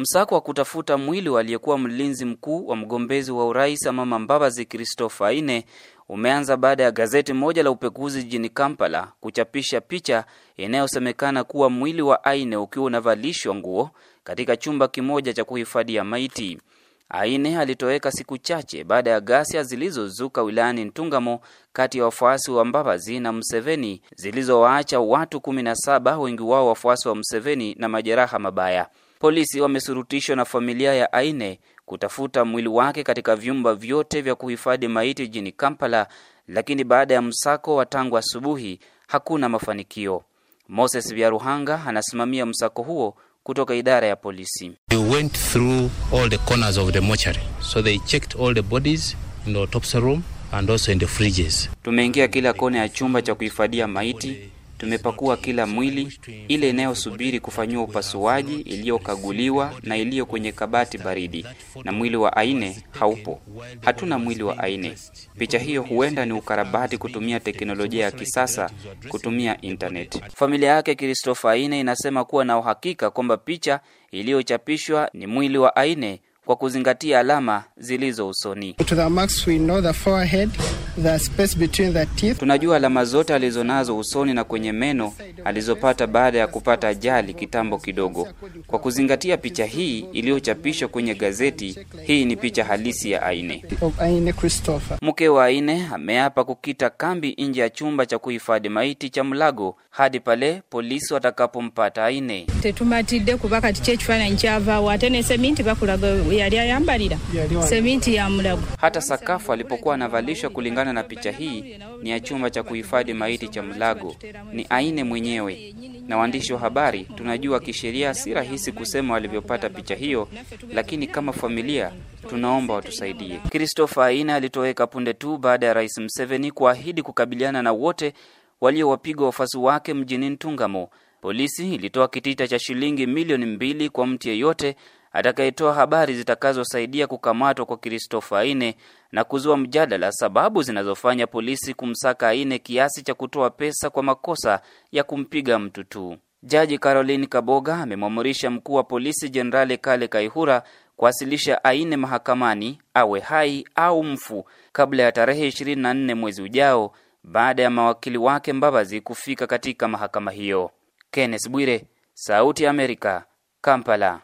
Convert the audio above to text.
Msako wa kutafuta mwili wa aliyekuwa mlinzi mkuu wa mgombezi wa urais Amama Mbabazi Christopher Aine umeanza baada ya gazeti moja la upekuzi jijini Kampala kuchapisha picha inayosemekana kuwa mwili wa Aine ukiwa unavalishwa nguo katika chumba kimoja cha kuhifadhia maiti. Aine alitoweka siku chache baada ya ghasia zilizozuka wilayani Ntungamo kati ya wafuasi wa Mbabazi na Mseveni zilizowaacha watu 17 wengi wao wafuasi wa Mseveni na majeraha mabaya. Polisi wamesurutishwa na familia ya Aine kutafuta mwili wake katika vyumba vyote vya kuhifadhi maiti jijini Kampala, lakini baada ya msako wa tangu asubuhi hakuna mafanikio. Moses Byaruhanga anasimamia msako huo kutoka idara ya polisi. We went through all the corners of the mortuary. So they checked all the bodies in the autopsy room and also in the fridges. Tumeingia kila kona ya chumba cha kuhifadhia maiti tumepakua kila mwili, ile inayosubiri kufanyiwa upasuaji, iliyokaguliwa na iliyo kwenye kabati baridi, na mwili wa aine haupo. Hatuna mwili wa aine. Picha hiyo huenda ni ukarabati kutumia teknolojia ya kisasa, kutumia internet. Familia yake Christopher Aine inasema kuwa na uhakika kwamba picha iliyochapishwa ni mwili wa aine kwa kuzingatia alama zilizo usoni. Tunajua alama zote alizonazo usoni na kwenye meno alizopata baada ya kupata ajali kitambo kidogo. Kwa kuzingatia picha hii iliyochapishwa kwenye gazeti, hii ni picha halisi ya Aine. Mke wa Aine ameapa kukita kambi nje ya chumba cha kuhifadhi maiti cha Mlago hadi pale polisi watakapompata Aine yali ayambalira seminti ya Mulago. Hata sakafu alipokuwa anavalishwa, kulingana na picha hii, ni ya chumba cha kuhifadhi maiti cha mlago ni Aine mwenyewe. Na waandishi wa habari tunajua kisheria si rahisi kusema walivyopata picha hiyo, lakini kama familia tunaomba watusaidie. Christopher Aina alitoweka punde tu baada ya Rais mseveni kuahidi kukabiliana na wote waliowapiga wafuasi wake mjini Ntungamo. Polisi ilitoa kitita cha shilingi milioni mbili kwa mtu yeyote atakayetoa habari zitakazosaidia kukamatwa kwa Kristofa Aine na kuzua mjadala sababu zinazofanya polisi kumsaka Aine kiasi cha kutoa pesa kwa makosa ya kumpiga mtu tu. Jaji Caroline Kaboga amemwamurisha mkuu wa polisi Jenerali Kale Kaihura kuwasilisha Aine mahakamani awe hai au mfu kabla ya tarehe 24 mwezi ujao baada ya mawakili wake Mbabazi kufika katika mahakama hiyo. Kenneth Bwire, Sauti ya Amerika, Kampala.